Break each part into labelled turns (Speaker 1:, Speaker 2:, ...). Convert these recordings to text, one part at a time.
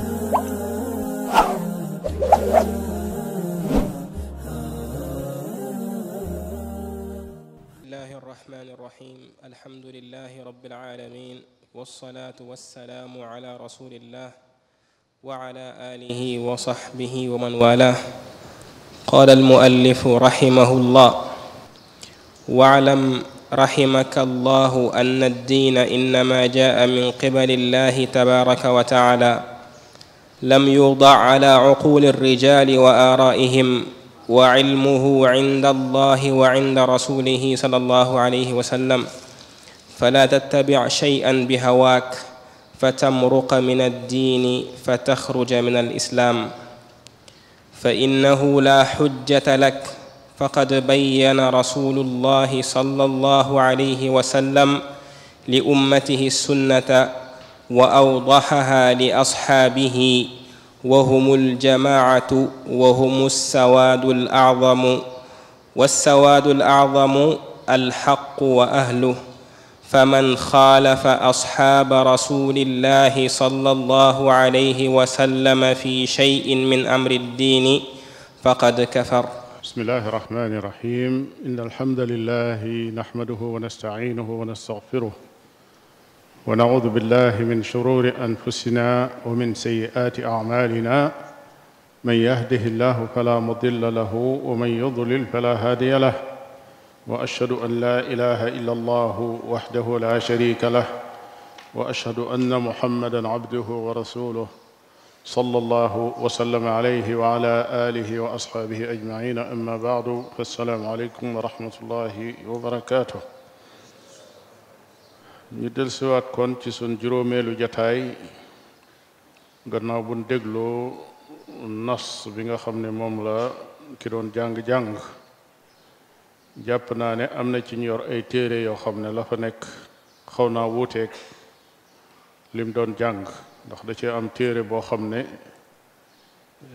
Speaker 1: الله
Speaker 2: الرحمن الرحيم الحمد لله رب العالمين والصلاة والسلام على رسول الله وعلى آله وصحبه ومن والاه قال المؤلف رحمه الله واعلم رحمك الله أن الدين إنما جاء من قبل الله تبارك وتعالى لم يوضع على عقول الرجال وآرائهم وعلمه عند الله وعند رسوله صلى الله عليه وسلم فلا تتبع شيئا بهواك فتمرق من الدين فتخرج من الإسلام فإنه لا حجة لك فقد بين رسول الله صلى الله عليه وسلم لأمته السنة وأوضحها لأصحابه وهم الجماعة وهم السواد الأعظم والسواد الأعظم الحق وأهله فمن خالف أصحاب رسول الله صلى الله عليه وسلم في شيء من أمر الدين فقد كفر بسم الله الرحمن
Speaker 1: الرحيم إن الحمد لله نحمده ونستعينه ونستغفره ونعوذ بالله من شرور أنفسنا ومن سيئات أعمالنا من يهده الله فلا مضل له ومن يضلل فلا هادي له وأشهد أن لا إله إلا الله وحده لا شريك له وأشهد أن محمدا عبده ورسوله صلى الله وسلم عليه وعلى آله وأصحابه أجمعين أما بعد فالسلام عليكم ورحمة الله وبركاته ñu siwaat kon ci sun juróomeelu jataay gannaaw buñ dégloo nas bi nga xam ne moom la ki doon jàng-jàng jàpp naa ne am na ci ñu yor ay téere yoo xam ne la fa nekk xaw naa wuuteeg lim doon jàng ndax da cee am téere boo xam ne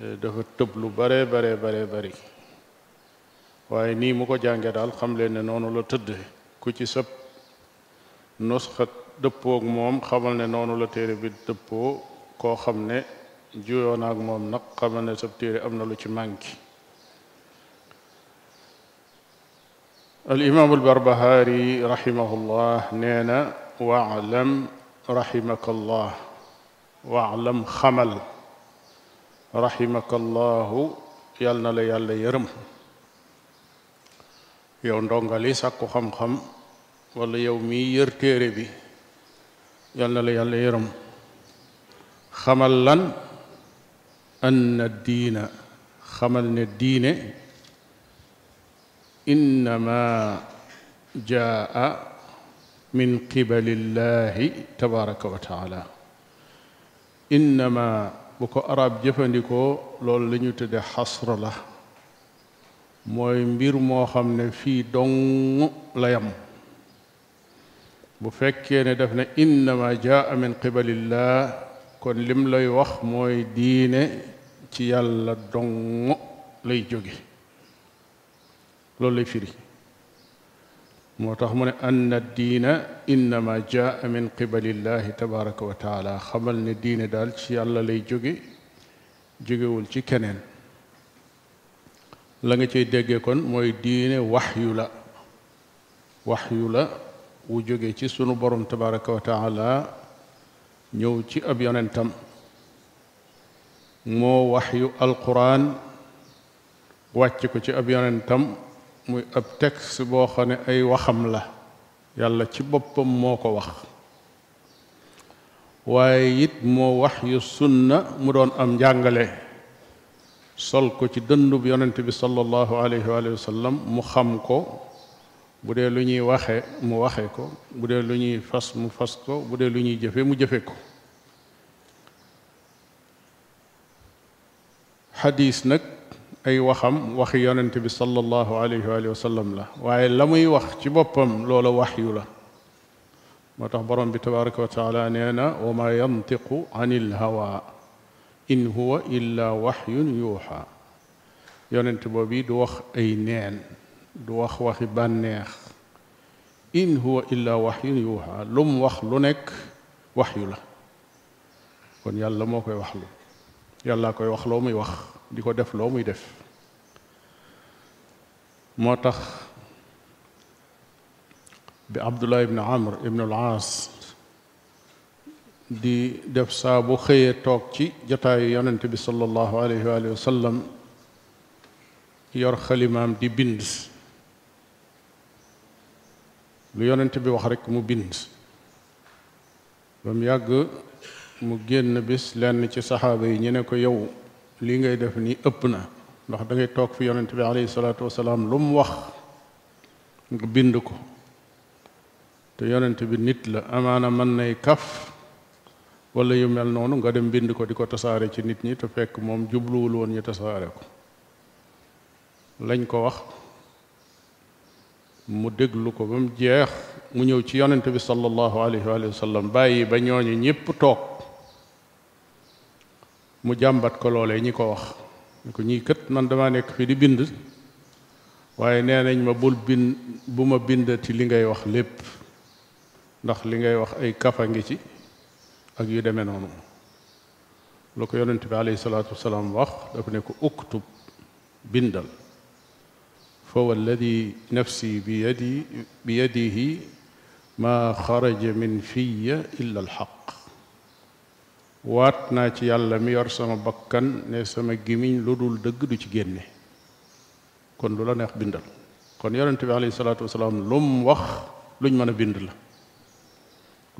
Speaker 1: eh, dafa tëb lu bare bare bare bari waaye nii mu ko jàngee daal xam leen ne noonu la tëdd ku ci sëpp nusxa dëppoog moom xamal ne noonu la téere bi dëppoo koo xam ne juyoo naag moom nag xamal ne sab téere am na lu ci manki al imaam al barbahaari rahimahullah nee na waalam rahimakallah waalam xamal rahimakallahu yal na la yàlla yërëm yow ndongali sàkku xam-xam wala yow mii yër téere bi yal la yàlla yërëm xamal lan anna diina xamal ne diine innama jaa min qibalillahi tabaraka wa taala innama bu ko arab jëfandikoo loolu la ñu tëdde xasra la mooy mbir moo xam ne fii dong la yam bu fekkee ne daf ne innama jaa min qibalillah kon lim lay wax mooy diine ci yàlla dong lay jóge loolu lay firi moo tax mu ne anna diina innama jaa min qibalillahi tabaraka wa taala xamal ne diine daal ci yàlla lay jóge jógewul ci keneen la nga cay déggee kon mooy diine waxyu la waxyu la wu jóge ci sunu borom tabaraka wa taala ñëw ci ab yonentam moo wax yu alquran wàcc ko ci ab yonentam muy ab texte boo xam ne ay waxam la yàlla ci boppam moo ko wax waaye it moo wax yu sunna mu doon am njàngale sol ko ci dëndub yonent bi sallallahu alayhi wa sallam mu xam ko bu dee lu ñuy waxe mu waxe ko bu dee lu ñuy fas mu fas ko bu dee lu ñuy jëfe mu jëfe ko xadiis nag ay waxam waxi yonente bi sallallahu alayhi la waaye la muy wax ci boppam loola waxyu la moo tax borom bi tabaraka wa taala nee na wa ma yantiqu anil hawa in huwa illa waxyun yuuxa yonente boobu du wax ay neen du wax waxi bànneex in huwa illa waxyun yuuxa lu mu wax lu nekk waxyu la kon yàlla moo koy wax lu yàlla koy wax loo muy wax di ko def loo muy def moo tax bi abdullah ibn amr ibn al aas di def saa xëyee toog ci jataayu yonent bi sallallahu alayhi wa yor xalimaam di bind lu yonent bi wax rek mu bind ba mu yàgg mu génn bis lenn ci saxaaba yi ñu ne ko yow lii ngay def nii ëpp na ndax dangay toog fi yonent bi alayhi salaatu wasalaam lu mu wax nga bind ko te yonent bi nit la amaana mën nay kaf walla yu mel noonu nga dem bind ko di ko tasaare ci nit ñi te fekk moom jubluwul woon ñu tasaare ko lañ ko wax mu déglu ko ba mu jeex mu ñëw ci yonente bi sallallahu alayhi wa sallam bàyyi ba ñooñu ñépp toog mu jàmbat ko loolee ñi ko wax ñu ko ñii kët man damaa nekk fii di bind waaye nee nañ ma bul bind bu ma bindati li ngay wax lépp ndax li ngay wax ay kafa ngi ci ak yu demee noonu lu ko yonente bi alayhi salaatu wasalaam wax dafa ne ko uktub bindal فوالذي نفسي بيدي بيده ما خرج من في إلا الحق waat naa ci yàlla mi yor sama bakkan ne sama gimiñ lu dul dëgg du ci génne kon lu la neex bindal kon yonente bi alayhi salaatu wasalaam lu wax luñ mën a bind la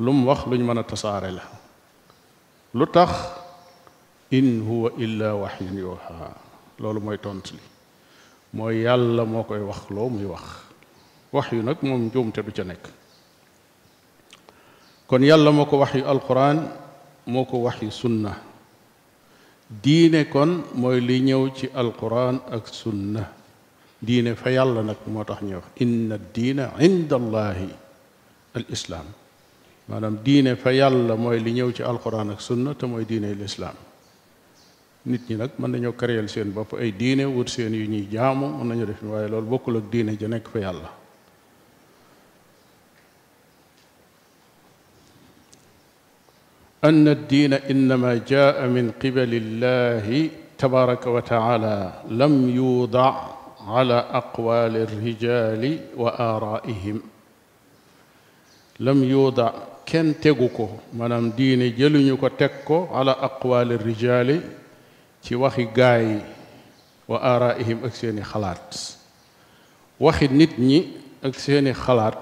Speaker 1: lum wax luñ mën a tasaare la lu tax in huwa illa waxyun yuha loolu mooy tontu li mooy yàlla moo koy wax loo muy wax wax yu nag moom njuumte du ca nekk kon yàlla moo ko wax yu alquran moo ko wax yu sunna diine kon mooy li ñëw ci alquran ak sunna diine fa yàlla nag moo tax ñëw wax inna diina inda allahi islaam maanaam diine fa yàlla mooy li ñëw ci alquran ak sunna te mooy diine al islaam nit ñi nag mën nañoo créer seen bopp ay diine wut seen yu ñuy jaamu mën nañu def waaye loolu bokkul ak diine ja nekk fa yàlla ann diina innama jaa min qibali llahi tabaraka wa taala lam yuuda ala aqwaali wa aaraihim lam yuuda kenn tegu ko maanaam diine jëluñu ko teg ko ala aqwaali rijali ci waxi gaay wa aaraihim ak seeni xalaat waxi nit ñi ak seeni xalaat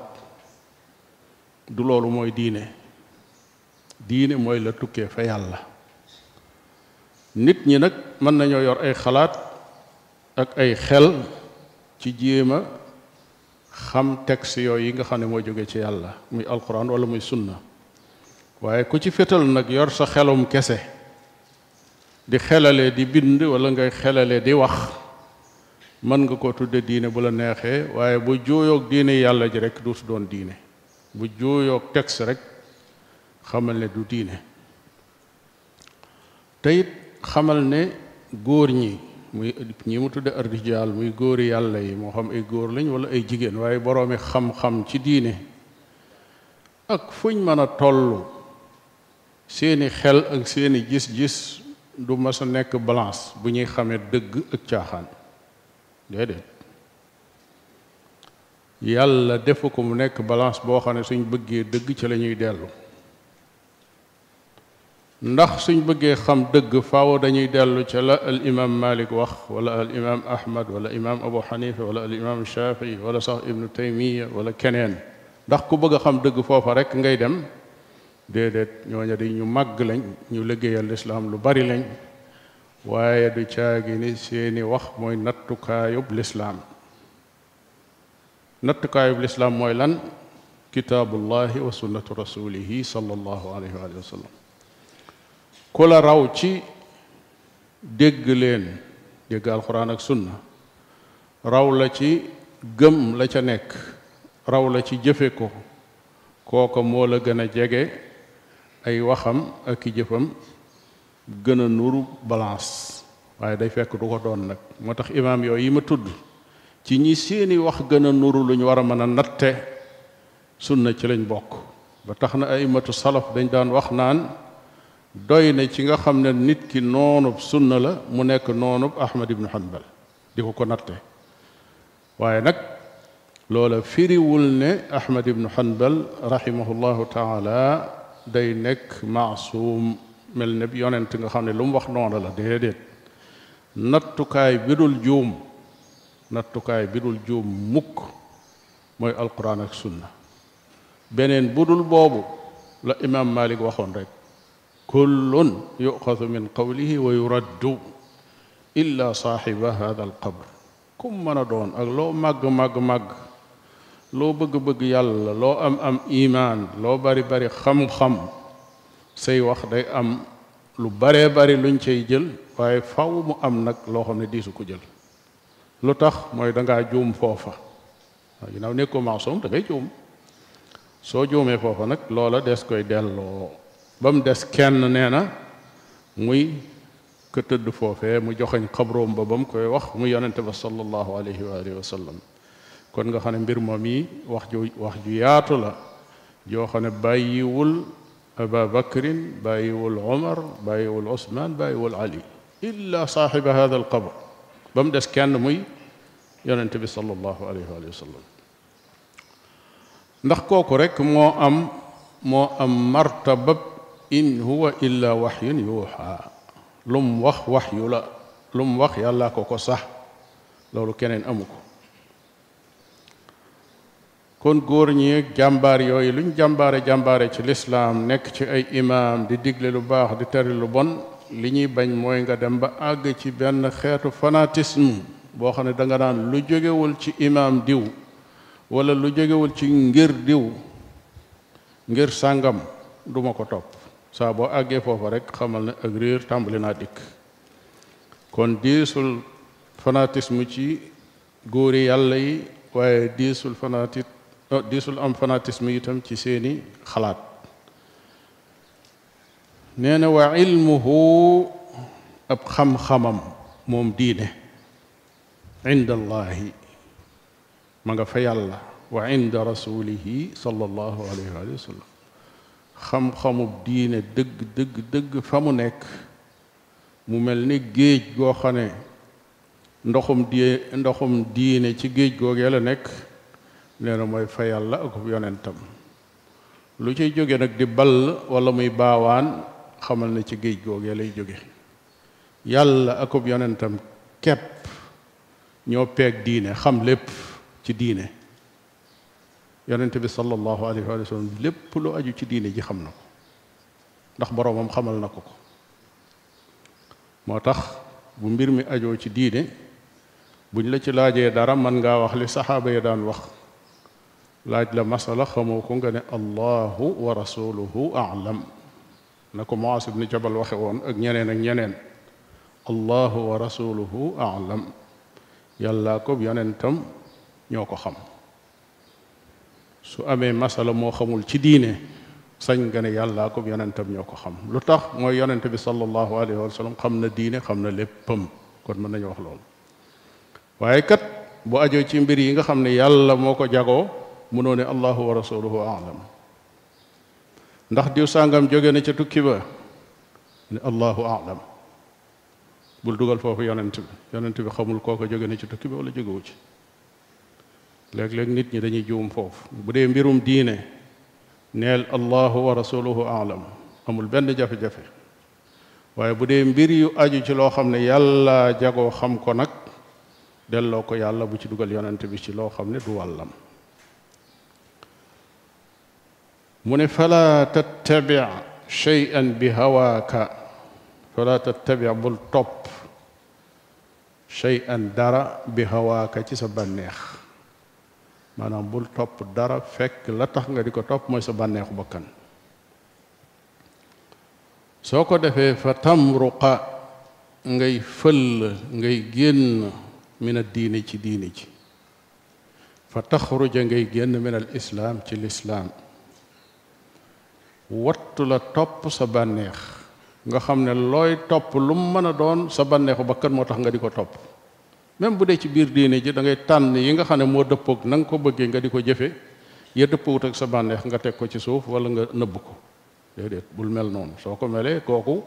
Speaker 1: du loolu mooy diine diine mooy la tukkee fa yàlla nit ñi nag mën nañoo yor ay xalaat ak ay xel ci jéem a xam texte yooyu yi nga xam ne mooy jóge ci yàlla muy alquran wala muy sunna waaye ku ci fétal nag yor sa xelum kese di xelale di bind wala ngay xelale di wax mën nga ko tudde diine bu la neexee waaye bu juuyoog diine yàlla ji rekk rek duus doon diine bu juuyoog texte rek xamal ne du diine te xamal ne góor ñi muy ñi mu tudde ardijaal muy góori yàlla yi moo xam ay góor lañ wala ay jigéen waaye boroomi xam-xam ci diine ak fuñ mën a toll seeni xel ak seeni gis-gis du mës a nekk balance bu ñuy xamee dëgg ak caaxaan déedéet yàlla defu ko mu nekk balance boo xam suñ bëggee dëgg ci la ñuy dellu ndax suñ bëggee xam dëgg faaw dañuy dellu ci la al imam malik wax wala al imam ahmad wala imam abu xanifa wala al imam shafii wala sax ibnu taymiya wala keneen ndax ku bëgg xam dëgg foofa rekk ngay dem déedéet ñooña di ñu màgg lañ ñu liggéeyal lislaam lu bari lañ waaye du caagi ni seeni wax mooy nattukaayub lislaam nattukaayub lislaam mooy lan kitaabullahi wa sunnatu rasulihi sallallahu alayhi wa ku la raw ci dégg leen dégg alquran ak sunna raw la ci gëm la ca nekk raw la ci jëfe ko kooko moo la gën a jege ay waxam ak i jëfam gën a nuru balance waaye day fekk du ko doon nag moo tax imaam yooyu yi ma tudd ci ñi seeni wax gën a nuru lu ñu war a mën a natte sunna ci lañ bokk ba tax na ay matu salaf dañ daan wax naan doy na ci nga xam ne nit ki noonu noonub sunna la mu nekk noonub ahmad ibnu hanbal di ko ko natte waaye nag loola firiwul ne ahmad ibnu hanbal rahimahullahu taala day nekk maasuum mel ne yonent nga xam ne lu mu wax noona la déedéet nattukaay bi dul juum nattukaay bi dul juum mukk mooy alquran ak sunna beneen bu dul boobu la imaam malik waxoon rek kullun yuxasu min qawlihi wa yuraddu illa saaxiba hada alqabr kum doon ak loo màgg màgg màgg loo bëgg-bëgg yàlla loo am am imaan loo bari bari xam-xam say wax day am lu baree bari luñ cay jël waaye faw mu am nag loo xam ne diisu ko jël lu tax mooy dangaa juum foofa waaw ginnaaw nekkoo maasum da ngay juum soo juumee foofa nag loola des koy delloo ba mu des kenn nee na muy ka tëdd foofee mu joxeñ xabroom ba ba mu koy wax mu yonente ba sallallahu alayhi wa alihi wa sallam kon nga xam ne mbir moom yi wax ju wax ju yaatu la joo xam ne bàyyiwul aba bakrin bàyyiwul omar bàyyiwul osman bàyyiwul ali illa saaxiba hada al qabr ba des kenn muy yonente bi salallahu alayhi wa ndax kooku rek moo am moo am in huwa illa waxyun yuuxa lu wax waxyu la lu wax yàllaa ko ko sax loolu keneen amu ko kon góor ñi jàmbaar yooyu luñ jàmbaare jàmbaare ci lislaam nekk ci ay imaam di digle lu baax di tari lu bon li ñuy bañ mooy nga dem ba àgg ci benn xeetu fanatisme boo xam ne danga nga naan lu jógewul ci imaam diw wala lu jógewul ci ngir diw ngir sàngam duma ko topp saa boo àggee foofa rek xamal ne ak réer tàmbali naa dikk kon diisul fanatisme ci góori yàlla yi waaye diisul fanatisme Oh, diisul am fanatisme itam ci seeni xalaat nee na wa ilmuhu ab xam-xamam moom diine inda allahi ma nga fa yàlla wa inda rasulihi sallallahu alayhi wa sallam xam-xamub diine dëgg dëgg dëgg fa mu nekk mu mel ni géej goo xam ne ndoxum di ndoxum diine ci géej googee la nekk nee mooy fa yàlla akub yonentam lu ciy jóge nag di ball wala muy baawaan xamal na ci géej googee lay jóge yàlla akub yonentam kepp ñoo peeg diine xam lépp ci diine yonent bi sallallahu alayhi wa sallam lépp lu aju ci diine ji xam na ko ndax boroomam xamal na ko ko moo tax bu mbir mi ajoo ci diine buñ la ci laajee dara man ngaa wax li saxaaba yi daan wax laaj la masala xamoo ko nga ne allahu wa rasuluhu aalam na ko Muaas ibn Jabal waxe woon ak ñeneen ak ñeneen allahu wa rasuluhu aalam yàllaa ko yonentam ñoo ko xam su amee masala moo xamul ci diine sañ nga ne yàllaa ko yonentam ñoo ko xam lu tax mooy yonent bi sallallahu alayhi xam na diine xam na léppam kon mën nañu wax loolu waaye kat bu ajoo ci mbir yi nga xam ne yàlla moo ko jagoo munoo ne allahu wa rasuluhu aalam ndax diw sàngam jóge na ca tukki ba ne allahu aalam bul dugal foofu yonent bi yonent bi xamul kooko jóge na ci tukki ba wala jógewu ci léeg-léeg nit ñi dañuy juum foofu bu dee mbirum diine neel allahu wa rasuluhu aalam amul benn jafe-jafe waaye bu dee mbir yu aju ci loo xam ne yàlla jagoo xam ko nag delloo ko yàlla bu ci dugal yonent bi ci loo xam ne du wàllam mu ne fala tattabi cheyan bi hawaaka fala tattabi bul topp cheyan dara bi hawaaka ci sa bànneex maanaam bul topp dara fekk la tax nga di ko topp mooy sa bànneexu bakkan soo ko defee fa tamruqa ngay fëll ngay génn min a ci diini ci fa taxruja ngay génn min islaam ci lislaam wattu la topp sa bànneex nga xam ne looy topp lu mu mën a doon sa bànneexu bakkan moo tax nga di ko topp même bu dee ci biir diine ji da ngay tànn yi nga xam ne moo dëppoog nanga ko bëggee nga di ko jëfe ya dëppoowut ak sa bànneex nga teg ko ci suuf wala nga nëbb ko déedéet bul mel noonu soo ko melee kooku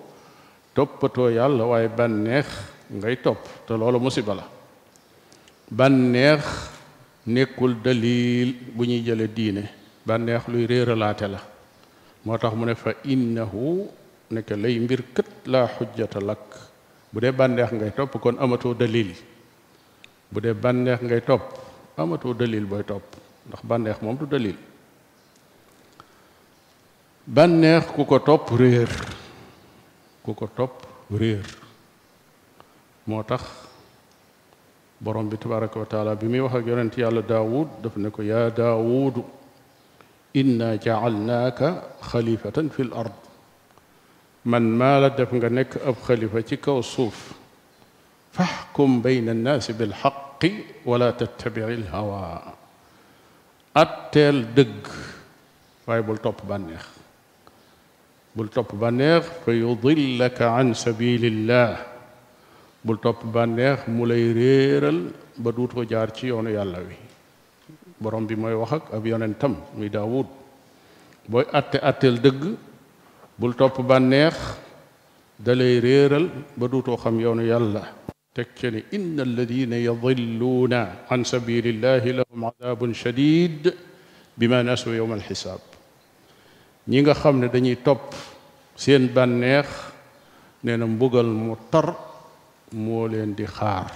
Speaker 1: toppatoo yàlla waaye bànneex ngay topp te loolu musiba la bànneex nekkul dalil bu ñuy jële diine bànneex luy réeralaate la moo tax mu ne fa innahu nekk lay mbir kët laa xujjata lakk bu dee bànneex ngay topp kon amatoo dalil bu dee bànneex ngay topp amatoo dalil booy topp ndax bànneex moom du dalil bànneex ku ko topp réer ku ko topp réer moo tax borom bi tabaraka wa taala bi muy wax ak yonent yàlla daawud daf ne ko yaa daawudu inna jaalnaaka xalifatan fi l ard man maa la def nga nekk ab xalifa ci kaw suuf faxkum bayna annaasi bilxaqi wala tattabici lhawa atteel dëgg waaye bul topp bànneex bul topp bànneex fa yudillaka an sabilillah bul topp bànneex mu lay réeral ba duutoo jaar ci yoonu yàlla wi borom bi mooy wax ak ab yonentam muy daawud booy àtte àtteel dëgg bul topp bànneex dalay réeral ba duutoo xam yoonu yàlla teg ce ni inna alladina yadilluuna an sabilillahi lahum adabun shadid bima nasu yowma alxisaab ñi nga xam ne dañuy topp seen bànneex nee na mbugal mu tar moo leen di xaar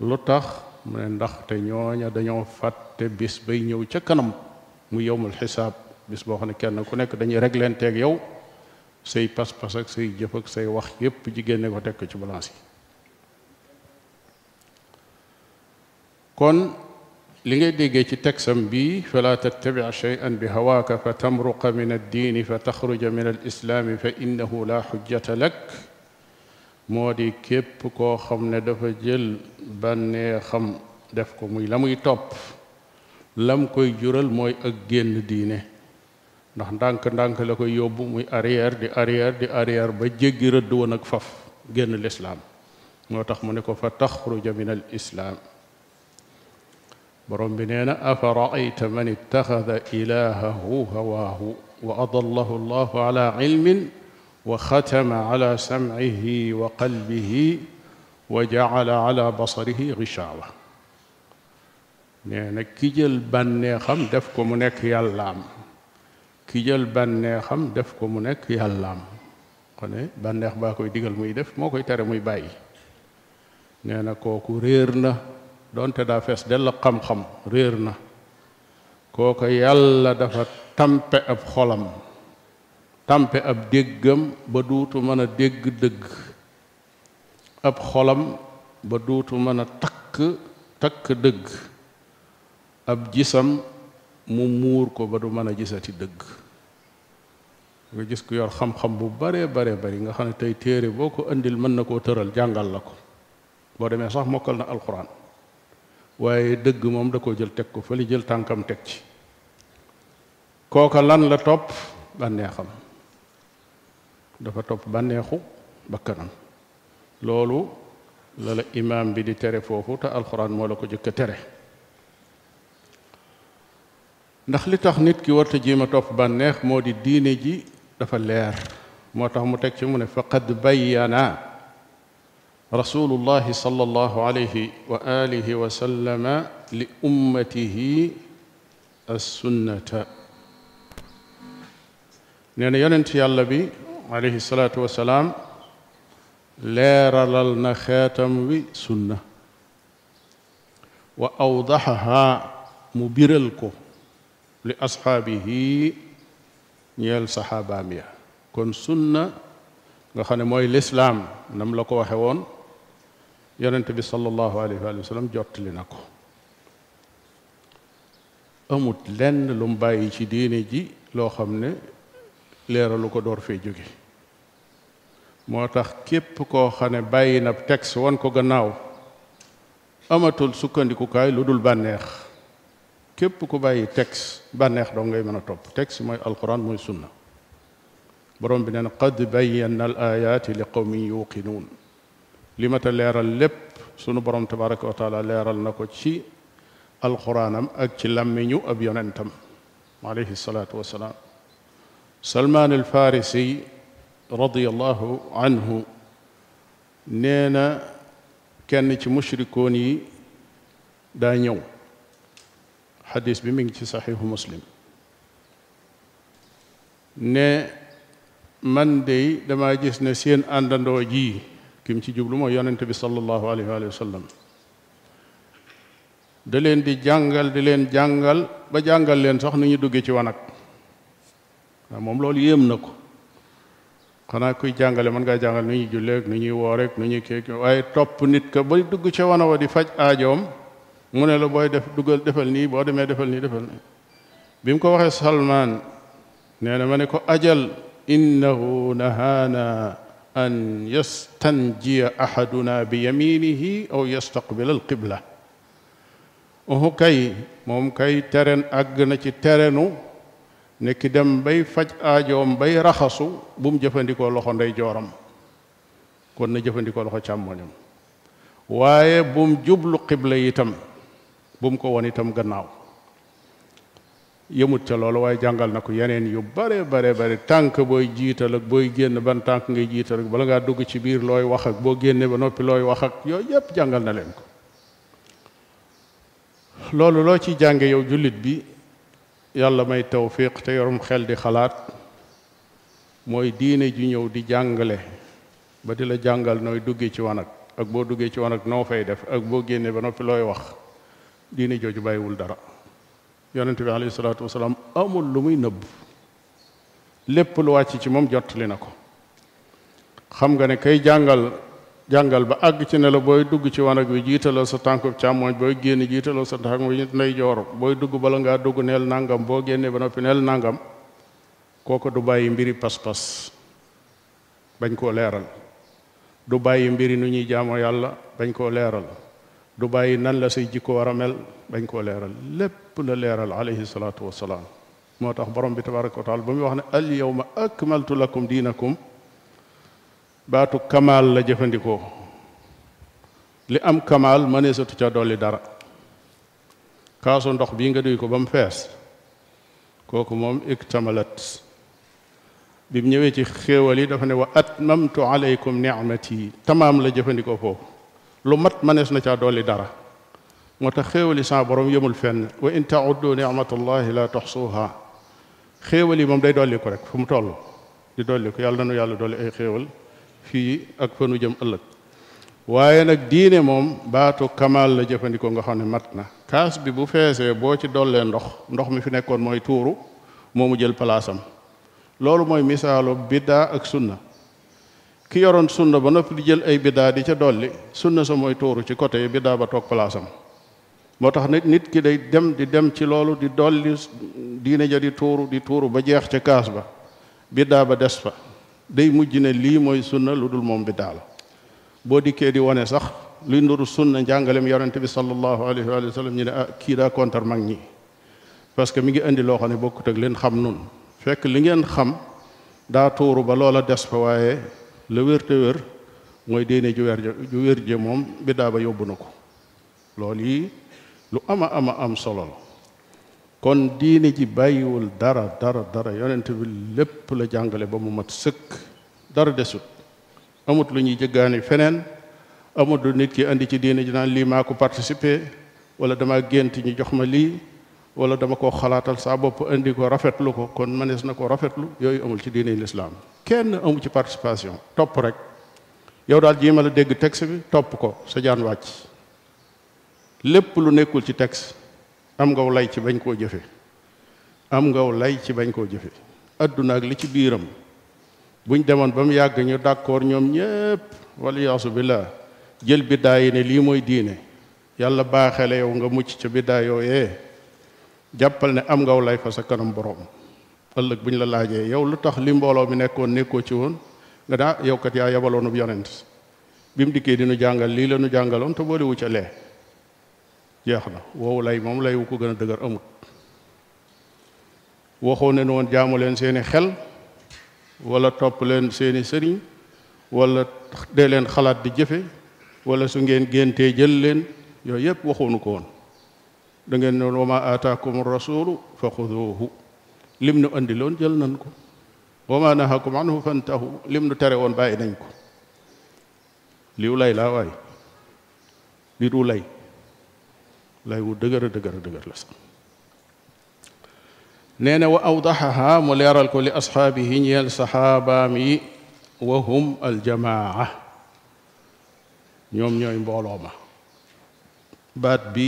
Speaker 1: lu tax mu ne ndaxte ñooña dañoo fàtte bis bay ñëw ca kanam mu yowmal xisaab bis boo xam ne kenn ku nekk dañuy réglenteeg yow say pas-pas ak say jëf ak say wax yépp jigéen ko teg ko ci balance yi kon li ngay déggee ci tegsam bi fala tattabic cheyan bi hawaaka fa tamruqa min addiini fa taxruja min alislaami fa innahu la xujjata moo di képp koo xam ne dafa jël bànnee xam def ko muy la muy topp lam koy jural mooy ak génn diine ndax ndànk-ndànk la koy yóbbu muy arrière di arrière di arrière ba jéggi rëdd woon ak faf génn lislaam moo tax mu ne ko fa taxruja min al islaam borom bi nee na afa raayta man ittaxada ilahahu hawaahu wa adallahu allahu ala ilmin wa xatama ala samcihi wa qalbihi wa jacala ala basarihi gishaawa nee na ki jël bànneexam def ko mu nekk yàllaam ki jël bànneexam def ko mu nekk yàllaam xone bànneex baa koy digal muy def moo koy tere muy bàyyi nee na kooku réer na doonte daa fees dell xam-xam réer na kooko yàlla dafa tampe ab xolam tàmpe ab déggam ba duutu mën a dégg dëgg ab xolam ba duutu mën a takk takk dëgg ab gisam mu muur ko ba du mën a gisati dëgg nga gis ku yor xam-xam bu baree bare bari nga xam ne tey téere boo ko indil mën na koo tëral jàngal la ko boo demee sax mokkal na alxuraan waaye dëgg moom da koo jël teg ko fële jël tànkam teg ci kooka lan la topp bànneexam dafa topp bànneexu bakkanam loolu la la imaam bi di tere foofu te alxuraan moo la ko jëkk a tere ndax li tax nit ki warta jéem a topp bànneex moo di diine ji dafa leer moo tax mu teg ci mu ne faqad bayyana rasulullahi sallallahu alayhi wa alihi wa sallama li ummatihi assunnata nee na yonent bi alayhi salaatu wasalaam leeralal na xeetam wi sunna wa awdaxaha mu biral ko li asxaabihi ñeel saxaabaam ya kon sunna nga xam ne mooy lislaam nam la ko waxe woon yonent bi sallallahu alayhi wa sallam jottali na ko amut lenn lu mu bàyyi ci diine ji loo xam ne leeralu ko door fee jóge moo tax képp koo xam ne bàyyi na texte wan ko gannaaw amatul sukkandikukaay lu dul bànneex képp ku bàyyi texte bànneex doo ngay mën a topp texte mooy alquran mooy sunna borom bi nee na qad bayyana al ayaati li qawmin yuqinuun li ma ta leeral lépp sunu borom tabaraka wa taala leeral na ko ci alquranam ak ci làmmiñu ab yonentam alayhi salaatu wasalaam salmaan alfarisi radiallahu anhu nee na kenn ci mushrikoon yi daa ñëw xadis bi mi ngi ci saxiixu muslim ne man dey dama gis ne seen àndandoo ji kim ci jublu mooy yonent bi sallallahu alayhi wa sallam da leen di jàngal di leen jàngal ba jàngal leen sax nu ñu duggee ci wanag waaw moom loolu yéem na ko xanaa kuy jàngale mën ngaa jàngal nu ñuy julleeg nu ñuy wooreeg nu ñuy keeg waaye topp nit ka ba dugg ca wana wa di faj aajoom mu ne la booy def dugal defal nii boo demee defal nii defal nii bi mu ko waxee salmaan nee na ma ne ko ajal innahu nahaana an yastanjiya ahaduna bi yaminihi aw yastaqbila alqibla uhu kay moom kay teren àgg na ci tereenu ne dem bay faj aajoom bay raxasu bu mu jëfandikoo loxo ndey jooram kon na jëfandikoo loxo càmmoñam waaye bu mu jublu qibla itam bu mu ko woon itam gannaaw yëmut ca loolu waaye jàngal na ko yeneen yu bare bare bare tànk booy jiital ak booy génn ban tànk ngay jiital ak bala dugg ci biir looy wax ak boo génnee ba noppi looy wax ak yooyu yëpp jàngal na leen ko loolu loo ci jànge yow jullit bi yàlla may tawfiq te yorum xel di xalaat mooy diine ju ñëw di jàngale ba di la jàngal nooy duggee ci wanag ak boo duggee ci wanag noo fay def ak boo génnee ba noppi looy wax diine jooju bàyyiwul dara yonent bi alayhi salaatu wasalaam amul lu muy nëbb lépp lu wàcc ci moom jottali na ko xam nga ne kay jàngal jàngal ba àgg ci ne booy dugg ci wanag wi jiitalal sa tànkub càmmooñ booy génn jiitalal sa tànk wi ndey joor booy dugg bala ngaa dugg neel nàngam boo génnee ba noppi nel nangam kooku du bàyyi mbiri pas-pas bañ koo leeral du bàyyi mbiri nu ñuy jaamoo yàlla bañ koo leeral du bàyyi nan la say jikko war a mel bañ koo leeral lépp la leeral alayhi salaatu wassalaam moo tax borom bi tabaraka wa taala ba muy wax ne al yawma akmaltu lakum diinakum baatu kamaal la jëfandikoo li am kamaal mëneesatu ca dolli dara kaasu ndox bii nga duy ko ba mu fees kooku moom iktamalat bi mu ñëwee ci xéewal yi dafa ne wa atmamtu alaykum ni'mati tamaam la jëfandikoo foofu lu mat mënees na caa dolli dara moo tax xéewali sa borom yëmul fenn wa in tauddu nicmatallahi la tuxsuha xéewal yi moom day dolli rek fu mu toll di dolli ko yàlla nu yàlla dolli ay xéewal fii ak fa nu jëm ëllëg waaye nag diine moom baatu kamaal la jëfandikoo nga xam ne mat na kaas bi bu feesee boo ci dollee ndox ndox mi fi nekkoon mooy tuuru moomu jël palaasam loolu mooy misaalu biddaa ak sunna ki yoroon sunna ba noppi di jël ay biddaa di ca dolli sunna sa mooy tuuru ci côté yi biddaa ba toog palaasam moo tax nit nit ki day dem di dem ci loolu di dolli diine ja di tuuru di tuuru ba jeex ca kaas ba biddaa ba des fa day mujj ne lii mooy sunna lu dul moom biddaa la boo dikkee di wane sax luy nduru sunna njàngalem yonente bi sallallahu alayhi wa sallam ñu ne ah kii daa kontar mag ñi parce que mi ngi indi loo xam ne bokkut ak leen xam nun fekk li ngeen xam daa tuuru ba loola des fa waaye la wér mooy diine ju wér ju wér je moom biddaa ba yóbbu na ko lool yi lu ama ama am solo kon diine ji bàyyiwul dara dara dara yonent bi lépp la jàngale ba mu mat sëkk dara desut amut lu ñuy jëggaani feneen amut lu nit ki indi ci diine ji naan lii maa ko participer wala dama gént ñu jox ma lii walla dama ko xalaatal saa bopp indi ko rafetlu ko kon mënees na ko rafetlu yooyu amul ci diine lislaam kenn amu ci participation topp rek yow daal jéema la dégg texte bi topp ko sa jaan wàcc lépp lu nekkul ci texte am ngaw lay ci bañ koo jëfe am ngaw lay ci bañ koo jëfe adduna li ci biiram buñ demoon ba mu yàgg ñu d'accord ñoom ñépp wala yaasu billah jël biddaa yi ne lii mooy diine yàlla baaxele yow nga mucc ca biddaa yooyee jàppal ne am ngaw lay fa sa kanam boroom ëllëg bu ñu la laajee yow lu tax li mbooloo mi nekkoon nekkoo ci woon nga daa ah, yow kat yaa yabaloonub yonent bi mu dikkee dinu jàngal lii la nu jàngaloon te boole wu ca lee jeex na woowu lay moom lay wu ko gën a dëgër amut waxoo ne woon jaamu leen seeni xel wala topp leen seeni sëriñ wala dee leen xalaat di jëfe wala su ngeen géntee jël leen yooyu yépp waxoonu ko woon da ngeen ne wa ma aataakum rasulu fa xuduuhu lim nu andiloon jël nañ ko wa ma nahakum anhu fantahu lim nu tere woon bàyyi nañ ko liw lay laa li du lay lay wu dëgër a dëgër a dëgër la sax wa awdaxaha mu leeral ko li asxaabihi ñeel saxaabaam yi wa hum aljamaa ñoom ñooy mbooloo ma baat bi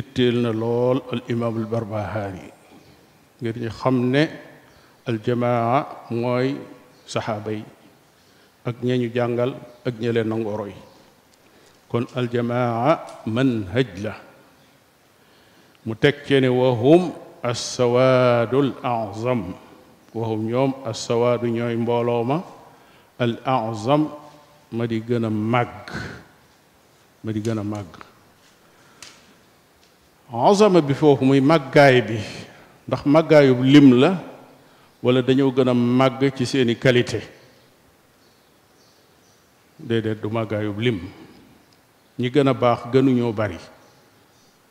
Speaker 1: itteel na lool al imaam al barbahaari ngir ñu xam ne aljamaa mooy saxaaba yi ak ñee ñu jàngal ak ñeleen leen nangoo roy kon aljamaa manhaj la mu teg cee ne wahum assawaadul azam wahum ñoom assawaadu ñooy mbooloo ma al azam ma di gën a màgg ma di gën a azama bi foofu muy màggaay bi ndax màggaayub lim la wala dañoo gën a màgg ci seeni qualité déedéet du màggaayub lim ñi gën a baax gënuñoo bari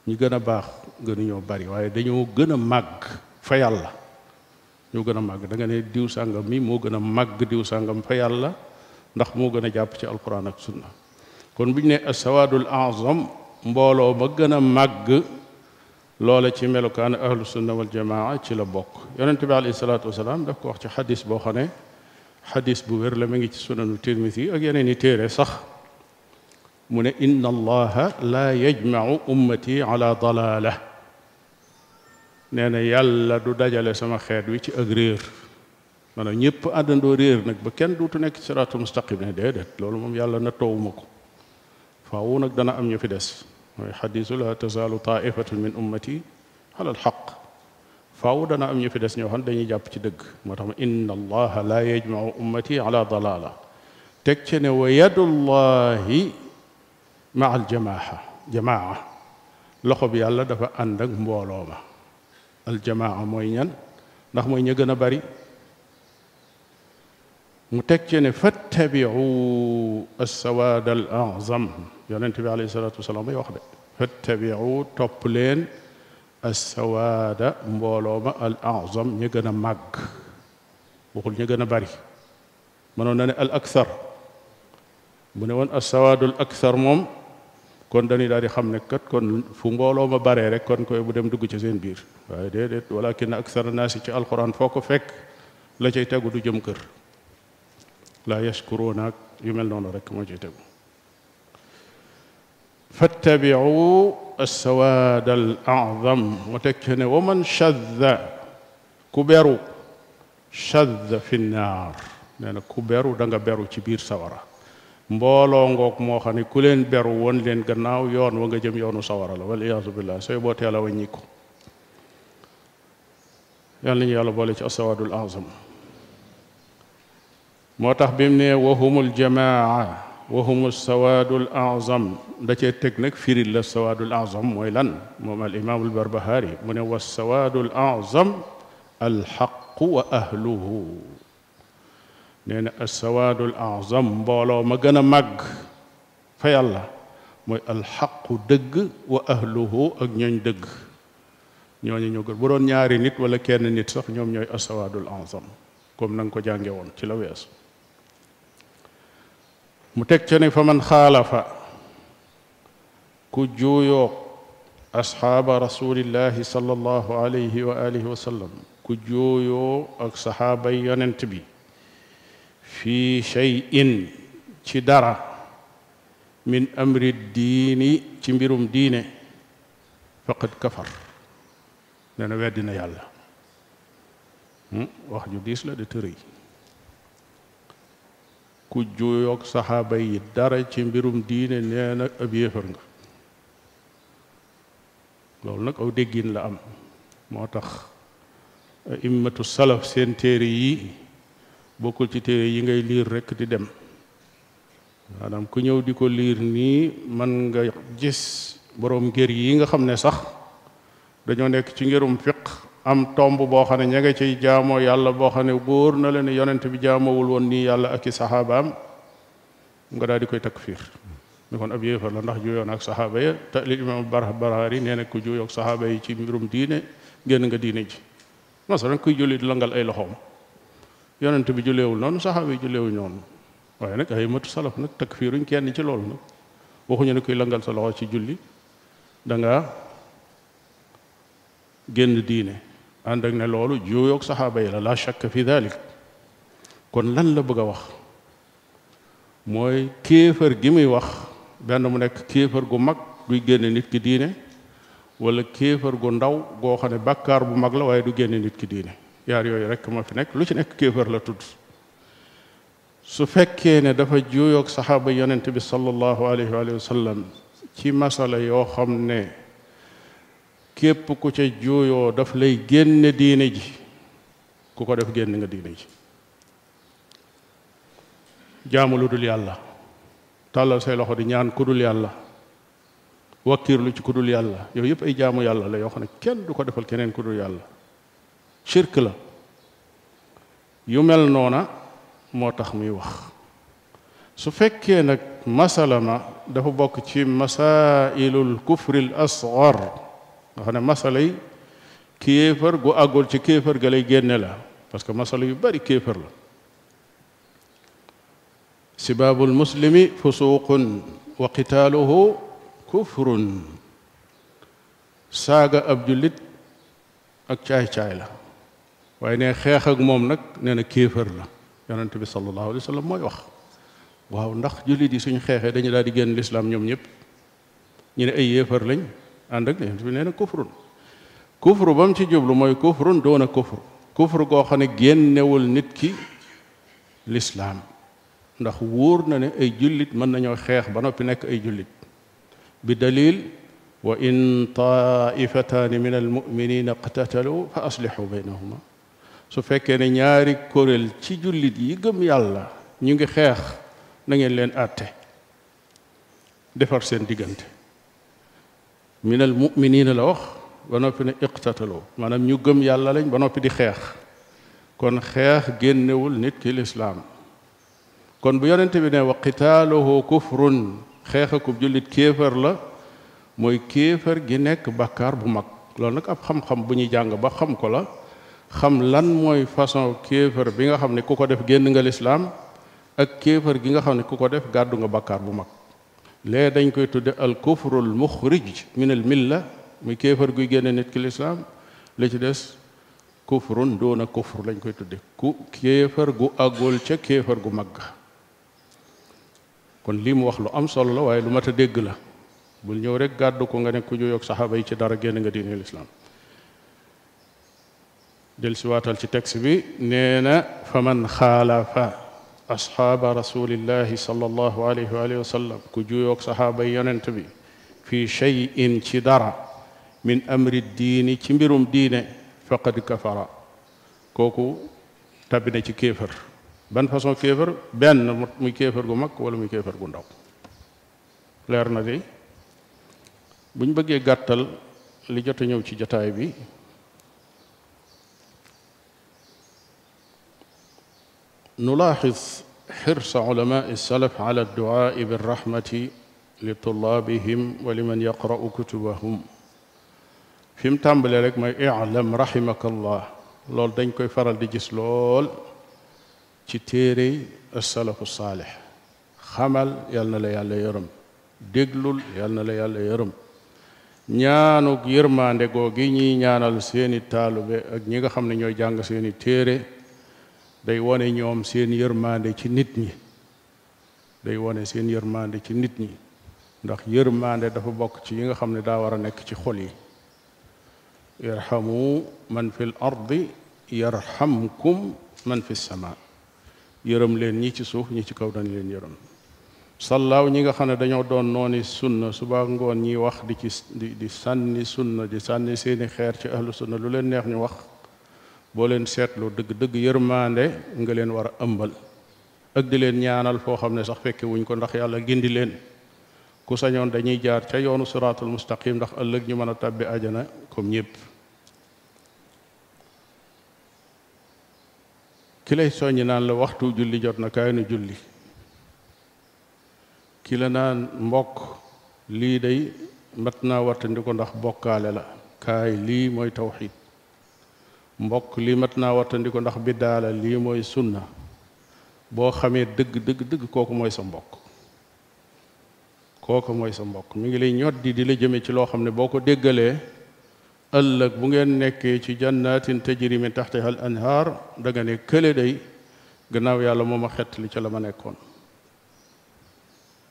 Speaker 1: ñi gën a baax gënuñoo bari waaye dañoo gën a màgg fa yàlla ñoo gën a màgg danga ne diw sàngam mi moo gën a màgg diw sàngam fa yàlla ndax moo gën a jàpp ci alquran ak sunna kon bu ñu ne asawaadul azam mbooloo ma gën a màgg loola ci melokaan ahlu sunna wal jamaa ci la bokk yonente bi alayhi salaatu def ko wax ci xadis boo xam ne xadis bu wér la ma ngi ci sunanu tirmisi ak yeneen i téere sax mu ne in allaha laa yajmau ummati ala dalaala nee na yàlla du dajale sama xeet wi ci ak réer maanaam ñëpp àddandoo réer nag ba kenn duutu nekk siraatul mustaqim ne déedéet loolu moom yàlla na towuma ko faawu nag dana am ñu fi des mooy xadiisu la tasaalu taaifatu min ummati ala alxaq faaw dana am ñu fi des ñoo xam dañuy jàpp ci dëgg moo tax ma inna allaha la yajmau ummati ala dalala teg ci ne wa ma aljamaa jamaa loxo bi yàlla dafa ànd ak mbooloo ma aljamaa mooy ñan ndax mooy ña gën a bari mu teg ci ne fattabiu assawaad al azam yonent bi alayhi salaatu wasalaam ay wax de fattabiu topp leen assawaada mbooloo ma al azam ñu gën a màgg waxul ñu gën a bari noon na ne al akthar mu ne woon assawaadul akthar moom kon dañuy daal di xam ne kat kon fu mbooloo ma baree rek kon koy bu dem dugg ci seen biir waaye déedéet walakin akthar naasi ci alquran foo ko fekk la cay tegu du jëm kër laa yashkuruun ak yu mel noonu rek moo ciy tegu fattabiu assawaad al azam teg ci ne wa man shadda ku beru shadda fi naar nee ku beru da nga beru ci biir sawara mbooloo ngoog moo xam ne ku leen beru woon leen gannaaw yoon wa nga jëm yoonu sawara la waliyaasu billah sooy boo teel a wàññi ko yàlla yàlla boole ci assawaadul azam moo tax bi mu ne wahumul jamaa wahum sawaadul azam da cee teg nag firil la sawaadul azam mooy lan moom al imaamul barbahaari mu ne wa sawaadul azam alxaqu wa ahluhu nee na assawaadul mbooloo ma gën a màgg fa yàlla mooy alxaqu dëgg wa ahluhu ak ñooñ dëgg ñooñu ñu gën bu doon ñaari nit wala kenn nit sax ñoom ñooy assawaadul azam comme na nga ko jànge woon ci la weesu mu teg ca fa man xaalafa ku juuyoo asxaaba rasulillahi sallallahu alayhi wa alihi wa sallam ku juuyoo ak saxaabay yonent bi fii shay'in ci dara min amri diini ci mbirum diine faqad kafar nee na weddi na yàlla hmm? wax ju diis la ku juyoog saxaaba yi dara ci mbirum diine nee na ab yéefar nga loolu nag aw déggin la am moo tax immatu salaf seen téere yi bokkul ci téere yi ngay liir rekk di dem maanaam ku ñëw di ko liir nii man nga gis boroom ngër yi nga xam ne sax dañoo nekk ci ngërum fiq am tomb boo xam ne ña nga ciy jaamoo yàlla boo xam ne wóor na leen yonent bi jaamoowul woon nii yàlla ak i saxaabaam nga daal di koy takfiir ni kon ab yéefar la ndax juyoon ak saxaaba te li imam barah baraar yi nee na ku juyoog yi ci mbirum diine génn nga diine ji masalan kuy julli di ay loxoom yonent bi julleewul noonu saxaaba yi julleewuñ waaye nag ay matu salaf nag takfiiruñ kenn ci loolu nag waxuñu ne kuy langal sa loxo ci julli da nga génn diine ànd ak ne loolu juuyoog saxaaba yi la la shakk fi dalik kon lan la bëgg a wax mooy kéefër gi muy wax benn mu nekk kéefër gu mag duy génne nit ki diine wala kéefër gu ndaw goo xam ne bakkaar bu mag la waaye du génne nit ki diine yaar yooyu rekk ma fi nekk lu ci nekk kéefër la tudd su fekkee ne dafa juuyoog saxaaba yonent bi sallallahu alayhi wa sallam ci masala yoo xam ne képp ku ca juuyoo daf lay génne diine ji ku ko def génn nga diine ji jaamu lu dul yàlla tàllal say loxo di ñaan ku dul yàlla wakkiirlu ci ku dul yàlla yooyu yëpp ay jaamu yàlla la yoo xam kenn du ko defal keneen ku yàlla shirk la yu mel noona moo tax muy wax su fekkee nag masala ma dafa bokk ci masailul kufril asgar nga xam ne masala yi kéefër gu àggul ci kéefër ga lay génne la parce que masala yu bari kéefër la sibaabul muslimi fusuqun wa qitaaluhu kufrun saaga ab jullit ak caay-caay la waaye ne xeex ak moom nag nee na kéefër la yonent bi sallallahu alayhi wa mooy wax waaw ndax jullit yi suñ xeexee dañu daal di génn lislaam ñoom ñëpp ñu ne ay yéefar lañ ànd ak yonent bi nee na kufrun kufru ba mu ci jublu mooy kufrun doona kufru kufru goo xam ne génnewul nit ki lislaam ndax wóor na ne ay jullit mën nañoo xeex ba noppi nekk ay jullit bi dalil wa in taifataani min almuminina qtatalu fa aslixu baynahuma su fekkee ne ñaari korel ci jullit yi gëm yàlla ñu ngi xeex nangeen leen àtte defar seen diggante mi minal mu'miniina la wax ba noppi ne iqtataloo maanaam ñu gëm yàlla lañ ba noppi di xeex kon xeex génnewul nit ki lislaam kon bu yonente bi ne wa qitaaluhu kufrun xeex akub jullit kéefar la mooy kéefar gi nekk bàkkaar bu mag loolu nag ab xam-xam bu ñuy jàng ba xam ko la xam lan mooy façon kéefar bi nga xam ne ku ko def génn nga lislaam ak kéefar gi nga xam ne ku ko def gàddu nga bàkkaar bu mag lee dañ koy tudde al kufrul muxrij min al milla muy kéefar guy génne nit ki lislaam li ci des kufrun doona kufr lañ koy tudde ku kéefar gu àggul ca kéefar gu mag kon lii mu wax lu am solo la waaye lu mat dégg la bul ñëw rek gàddu ko nga ne ku juyoog saxaaba yi ci dara génn nga diine lislaam del si waatal ci texte bi nee na faman xaalafa asxaaba rasulillahi sallallahu alayhi waalihi wa ku juyoog saxaaba yonent bi fi cheyin ci dara min amri diini ci mbirum diine faqad kafara kooku tabbi na ci kéefër ban façon kéefër benn muy kéefër gu mag wala muy kéefër gu ndaw leer na de buñ bëggee gàttal li jot ñëw ci jataay bi نلاحظ حرص علماء السلف على الدعاء بالرحمة لطلابهم ولمن يقرأ كتبهم fi mu tàmbalee rek mooy i'lam rahimakallah loolu dañ koy faral di gis lool ci téere as-salafu saalix xamal yal na la yàlla yërëm déglul yal na la yàlla yërëm ñaanuk yërmaande googi ñuy ñaanal seeni taalube ak ñi nga xam ne ñooy jàng seeni téere day wone ñoom seen yërmande ci nit ñi day wone seen yërmande ci nit ñi ndax yërmande dafa bokk ci ñi nga xam ne daa war a nekk ci xol yi yarhamu man fi l ardi yarhamkum man fi sama yërëm leen ñi ci suuf ñi ci kaw dañ leen yërëm sallaaw ñi nga xam ne dañoo doon nooni sunna suba ngoon ñi wax di ci di sànni sunna di sànni seeni xeer ci ahlu sunna lu leen neex ñu wax boo leen seetloo dëgg-dëgg yërmaande nga leen war a ëmbal ak di leen ñaanal foo xam ne sax fekke wuñ ko ndax yàlla di leen ku sañoon dañuy jaar ca yoonu siraatul mustaqim ndax ëllëg ñu mën a tàbbi ajana comme ñépp ki lay soññi naan waxtu julli jot na kaay nu ki la naan mbokk lii day mat naa wattandi ko ndax bokkaale la kaay lii mooy tawxiid mbokk lii mat naa wattandiko ndax biddaa la lii mooy sunna boo xamee dëgg dëgg dëgg kooku mooy sa mbokk kooku mooy sa mbokk mi ngi lay ñot di di la jëme ci loo xam ne boo ko déggalee ëllëg bu ngeen nekkee ci jannatin tajri min tahtiha al anhaar da ne kële day gannaaw yàlla moo ma li ca la ma nekkoon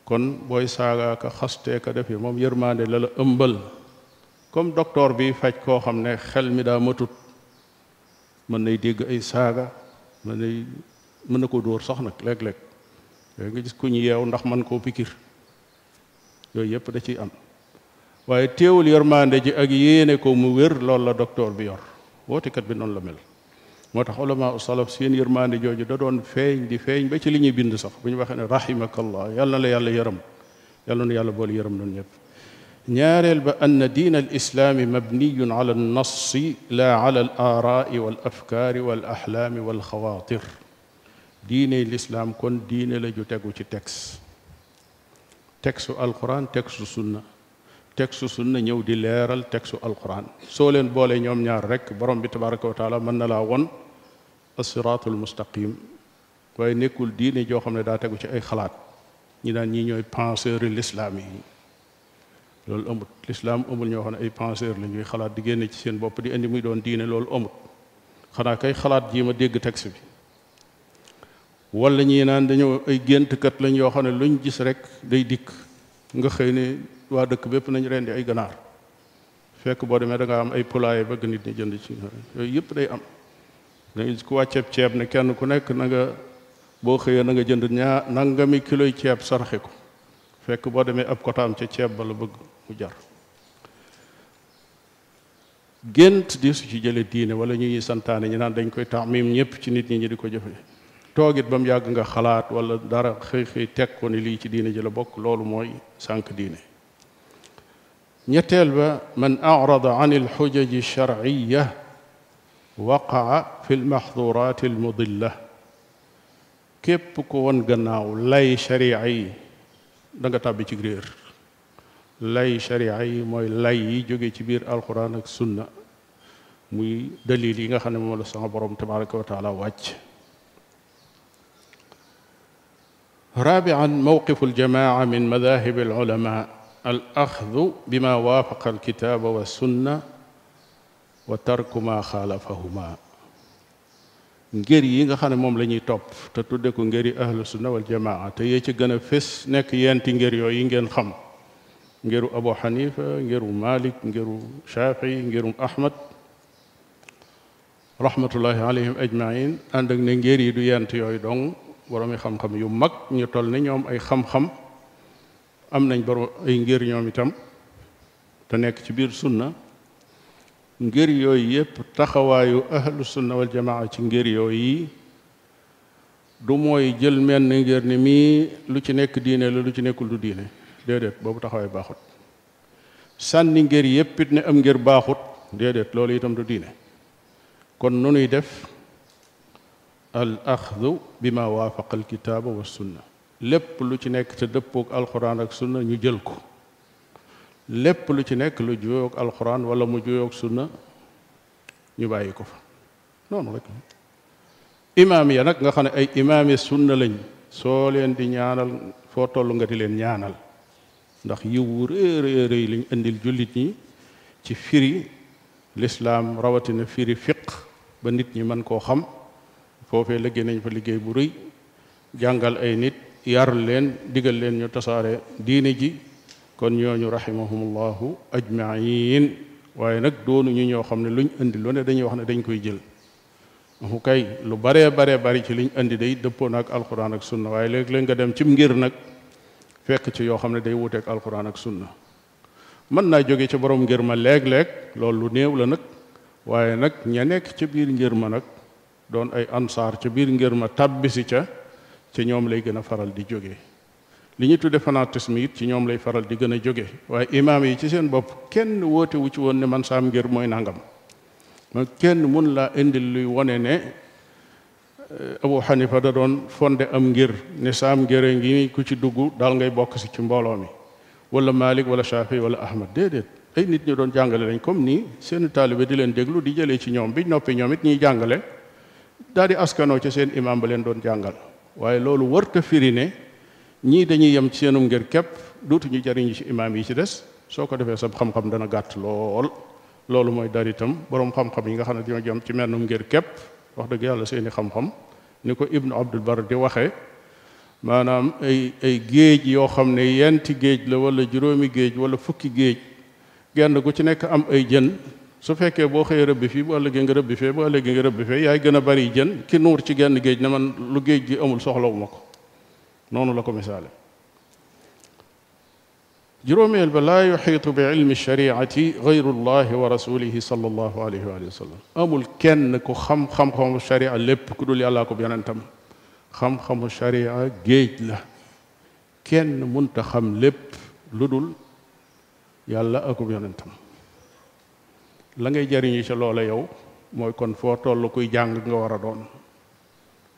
Speaker 1: kon booy saagaaka xasteeka defe moom yërmaande la la ëmbal comme docteur bi faj koo xam ne xel mi daa matut mën nay dégg ay saaga mën nay mën na ko dóor sax nag léeg-léeg yooyu nga gis ku ñu yeew ndax man koo pikir yooyu yëpp da ciy am waaye teewul yor yërmande ji ak yéene ko mu wér lool la docteur bi yor wootekat bi noonu la mel moo tax ulama salaf yor yërmande jooju da doon feeñ di feeñ ba ci li ñuy bind sax bu ñu waxee ne rahimakallah yàlla na la yàlla yërëm yàlla na yàlla boole yërëm noonu ñëpp ñaareel ba ann diin al islaami mabniyun ala alnassi la ala al aaraai wal afkaari wal axlaami wal xawaatir diine lislaam kon diine la ju tegu ci texte texte alquran texte sunna texte sunna ñëw di leeral texte alquran soo leen boole ñoom ñaar rek borom bi tabaraka wa taala mën na laa won asiraatul mustaqim waaye nekkul diine joo xam ne daa tegu ci ay xalaat ñi daan ñi ñooy penseurs lislaam yi loolu amut lislaam amul ñoo xam ne ay penseur la ñuy xalaat di génne ci seen bopp di indi muy doon diine loolu amut xanaa kay xalaat jii ma dégg texte bi wala ñii naan dañoo ay géntkat lañ yoo ne luñ gis rek day dikk nga xëy ne waa dëkk bépp nañ rendi ay ganaar fekk boo demee da nga am ay poulailler bëgg nit ñi jënd ci yooyu yëpp day am nga gis ku wàcceeb ceeb na kenn ku nekk nanga boo xëyee na nga jënd ñaa nangami kiloy ceeb saraxe ko fekk boo demee ab kotaam ca ceeb ba la bëgg mu jar gént di su ci jële diine wala ñuy santaane ñu naan dañ koy taamim ñëpp ci nit ñi ñu di ko jëfe toogit ba mu yàgg nga xalaat wala dara xëy xëy teg ko ni lii ci diine ji la bokk loolu mooy sànq diine ñetteel ba man arada an alxujaji alsharciya waqaa fi almaxdurat almudilla képp ko won gannaaw lay sharia danga da tàbbi ci réer lay sharia yi mooy lay yi jóge ci biir alquran ak sunna muy dalil yi nga xam ne moom la sama borom tabaraka wa taala wàcc raabian yi nga xam ne moom lañuy ñuy topp te tudde ko ngëri ahlu sunna waljamaa te yee ci gën a fés nekk yenti ngër yooyu ngeen xam ngiru abu xanifa ngiru malik ngiru shafii ngirum ahmad rahmatullahi alayhim ajmain ànd ak ne ngir yi du yent yooyu dong boromi xam-xam yu mag ñu toll ni ñoom ay xam-xam am nañ borom ay ngir ñoom itam te nekk ci biir sunna ngir yooyu yëpp taxawaayu ahlu sunna wal ci ngir yooyu yi du mooy jël menn ngir ni mii lu ci nekk diine la lu ci nekkul du diine déedéet boobu taxawaay baaxut sànni ngir yépp ne am ngir baaxut déedéet loolu itam du diine kon nu nuy def al axdu bi ma kitaaba wa sunna lépp lu ci nekk te dëppoog alxuraan ak sunna ñu jël ko lépp lu ci nekk lu juyoog alxuraan wala mu juyoog sunna ñu bàyyi ko fa noonu rek imaam ya nag nga xam ne ay imaami sunna lañ soo leen di ñaanal foo toll nga di leen ñaanal ndax yiw wu rëy rëy lañ indil jullit ñi ci firi lislaam rawatina firi fiq ba nit ñi mën koo xam foofee liggéey nañ fa liggéey bu rëy jàngal ay nit yar leen digal leen ñu tasaare diine ji kon ñooñu rahimahumullahu ajmain waaye nag doonu ñu ñoo xam ne luñ indi lu ne dañuy wax ne dañ koy jël mu kay lu bare baree bari ci liñ indi day dëppoo na ak alxuraan ak sunna waaye léeg-léeg nga dem cim ngir nag fekk ci yoo xam ne day wuteek alquran ak sunna mën naa jóge ci boroom ngir ma léeg-léeg loolu lu néew la nag waaye nag ña nekk ca biir ngir ma nag doon ay ansaar ci biir ngir ma tàbbisi ca ci ñoom lay gën a faral di jóge li ñu tudde fanatisme it ci ñoom lay faral di gën a jóge waaye imaam yi ci seen bopp kenn woote ci woon ne man saam ngir mooy nangam ma kenn mun laa indil wone ne Eh, Abu Hanifa da doon fonde am ngir ne saam ngére ngi ku ci dugg daal ngay bokk si ci mbooloo mi wala Malik wala Shafi wala Ahmad déedéet ay nit ñu doon jàngale lañ comme nii seen taalibe di leen déglu di jëlee ci ñoom bi noppi ñoom it ñuy jàngale daal di askanoo ci seen imam ba leen doon jàngal waaye loolu warta firi ne ñii dañuy yem ci seenum ngir képp dootuñu jariñu ci imam yi ci des soo ko defee sab xam-xam dana gàtt lool loolu mooy dar boroom xam yi nga xam ne dañoo jëm ci mennum ngir képp wax dëgg yàlla seeni xam-xam ni ko ibnu abdul bar di waxee maanaam ay ay géej yoo xam ne yenti géej la wala juróomi géej wala fukki géej genn gu ci nekk am ay jën su fekkee boo xëyee rëbbi fii bu ëllëgee nga rëbbi fee bu ëllëgee nga rëbbi fee yaay gën a bari jën ki nuur ci genn géej ne man lu géej gi amul soxlawuma ko noonu la ko misaale juróomeel ba laa yuxiitu bi ilmi shariati gayrullahi wa rasulihi sallallahu alayhi wa sallam amul kenn ku xam xam-xamu sharia lépp ku dul yàllaa ko yonentam xam-xamu sharia géej la kenn munta xam lépp lu dul yàlla akub yonentam la ngay jariñu ca loola yow mooy kon foo toll kuy jàng nga war a doon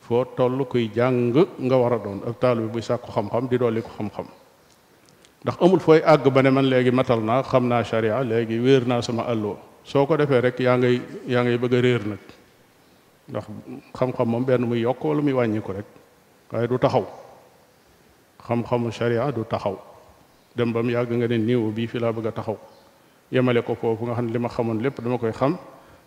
Speaker 1: foo toll kuy jàng nga war a doon ak taalibe buy sàkku xam-xam di dolli ko xam-xam ndax amul fooy àgg ba ne man léegi matal naa xam naa sharia léegi wéer naa sama àlloo soo ko defee rek yaa ngay yaa bëgg a réer nag ndax xam-xam moom benn muy yokk wala muy wàññi rek waaye du taxaw xam-xamu sharia du taxaw dem ba mu yàgg nga ne niiw bii fi laa bëgg a taxaw yemale ko foofu nga xam ne li ma xamoon lépp dama koy xam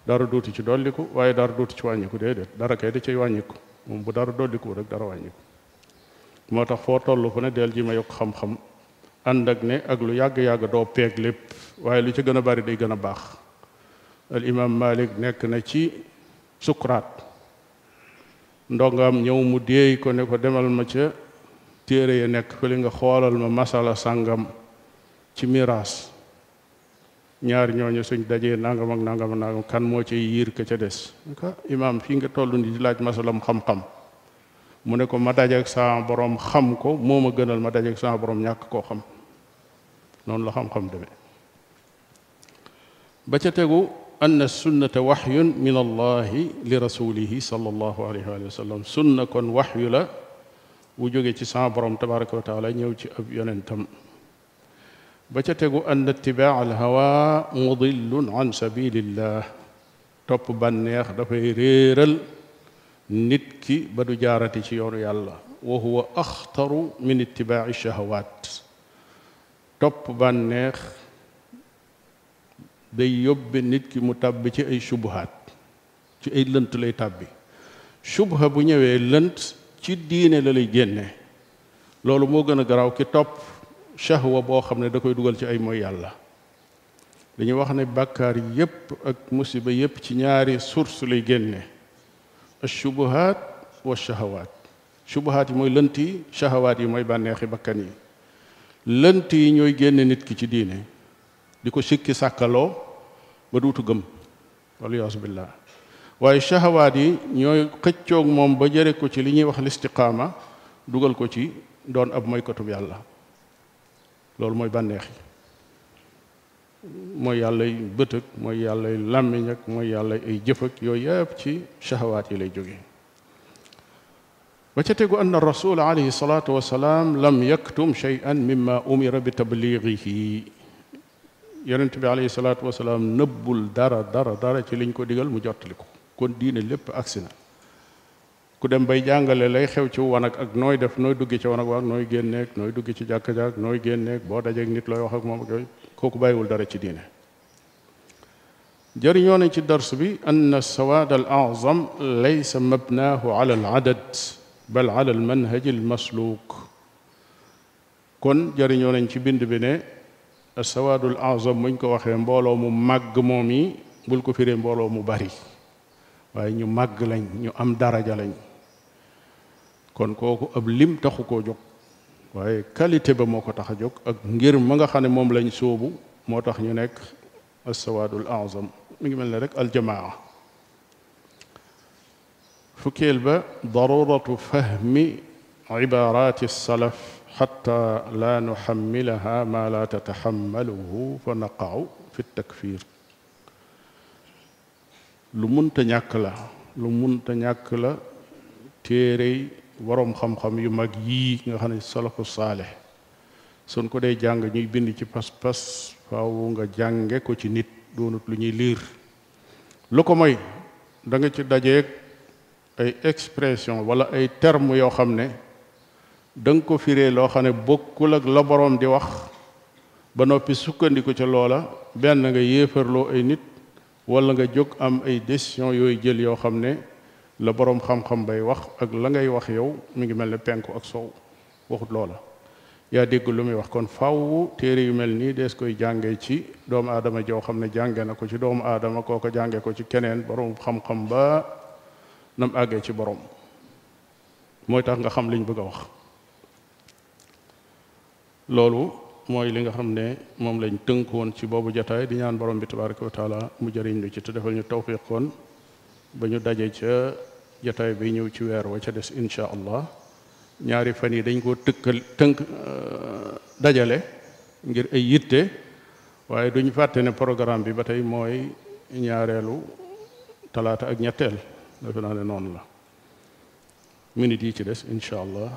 Speaker 1: dara duuti ci dolliku waaye dara duuti ci wàññiku déedéet dara kay di cay wàññiku moom bu dara dolliku rek dara wàññiku moo ànd ak ne ak lu yàgg-yàgg doo peeg lépp waaye lu ca gën a bari day gën a baax al imam malik nekk na ci sukuraat ndongaam ñëw mu déey ko ne ko demal ma ca téere yi nekk fa li nga xoolal ma masala sàngam ci miraas ñaar ñooñu suñ dajee nangam ak nangam ak kan moo ci yiir ka ca des imaam fii nga toll ni di laaj masalam xam-xam mu ne ko ma dajeeg sama xam ko moo ma gënal ma dajeeg sama ñàkk koo xam noonu la xam-xam demee ba ca tegu anna sunnata waxyun min allahi li rasulihi sallallahu alayhi wa sallam sunna kon waxyu la wu jóge ci sama borom tabaraka wa taala ñëw ci ab yonentam ba ca tegu ann itibaa alhawa mudillun an sabilillah topp bànneex dafay réeral nit ki ba du jaarati ci yoonu yàlla wa huwa axtaru min itibaaci shahawaat topp bànneex day yóbbe nit ki mu tàbbi ci ay shubuhaat ci ay lënt lay tàbbi shubha bu ñëwee lënt ci diine la lay génne loolu moo gën a garaaw ki topp shahwa boo xam ne da koy dugal ci ay mooy yàlla dañuy wax ne bàkkaar yépp ak musiba yépp ci ñaari source lay génne ashubuhaat wa shahawaat shubuhaat yi mooy lënt yi shahawaat yi mooy bànneexi bakkan yi lënt yi ñooy génne nit ki ci diine di ko sikki sàkkaloo ba duutu gëm waliyaasu waaye shahawaat yi ñooy xëccoog moom ba jëre ko ci li ñuy wax listiqaama dugal ko ci doon ab moykatub yàlla loolu mooy bànneexi mooy yàlla yu bët mooy yàlla yu làmmiñ mooy yàlla ay jëf ak yooyu ci shahawaat yi lay jóge ba ca tegu ann rasul alayhi salaatu wasalaam lam yaktum shay'an mimma umira bi tabligihi yonent bi nëbbul dara dara dara ci liñ ko digal mu jottali kon diine lépp agsi na ku dem bay jàngale lay xew ci wanag ak nooy def nooy dugg ci wanag waak nooy génneeg nooy dugg ci jàkka jaak nooy génneeg boo dajeeg nit looy wax ak moom ak yooyu kooku bàyyiwul dara ci diine jëriñoo nañ ci dars bi ann sawaad al azam laysa mabnaahu ala al adad bal ala al manhaj al masluuk kon jëriñoo nañ ci bind bi ne asawaadul azam muñ ko waxee mbooloo mu màgg moom yi bul ko firee mbooloo mu bari waaye ñu màgg lañ ñu am daraja lañ kon kooku ab lim taxu ko jog waaye qualité ba moo ko tax a jóg ak ngir ma nga xam ne moom lañ soobu moo tax ñu nekk assawaadul azam mi ngi mel ne rek aljamaa fukkeel ba daruratu fahmi ibarati salaf xata la nuxammilaha ma la tataxammaluhu fa naqaau fi takfir lu munta ñàkk la lu munta ñàkk la téerey boroom xam-xam yu mag yii nga xam ne salafu saalih suñ ko dee jàng ñuy bind ci pas-pas faaw nga jànge ko ci nit doonut lu ñuy liir lu ko mooy da nga ci dajeeg ay expression wala ay terme yoo xam ne da ko firee loo xam ne bokkul ak la boroom di wax ba noppi sukkandiku ca loola benn nga yéefarloo ay nit wala nga jóg am ay décision yooyu jël yoo xam ne la boroom xam-xam bay wax ak la ngay wax yow mu ngi mel ne penku ak sow waxut loola yaa dégg lu muy wax kon faw téere yu mel nii des koy jànge ci doomu aadama joo xam ne jànge na ko ci doomu aadama kooko jànge ko ci keneen boroom xam-xam ba nam àggee ci borom mooy tax nga xam lañ bëgg a wax loolu mooy li nga xam ne moom lañ tënkoon ci boobu jataay di ñaan borom bi tabaraka wa mu jariñ lu ci te defal ñu tawfiq kon ba ñu daje ca jataay bi ñëw ci weer wa ca des incha allah ñaari fan yi dañ koo tëkkal tënk euh, dajale ngir ay yitte waaye duñ fàtte ne programme bi ba tey mooy ñaareelu talaata ak ñetteel defe naa ne noonu la minute yi ci des incha allah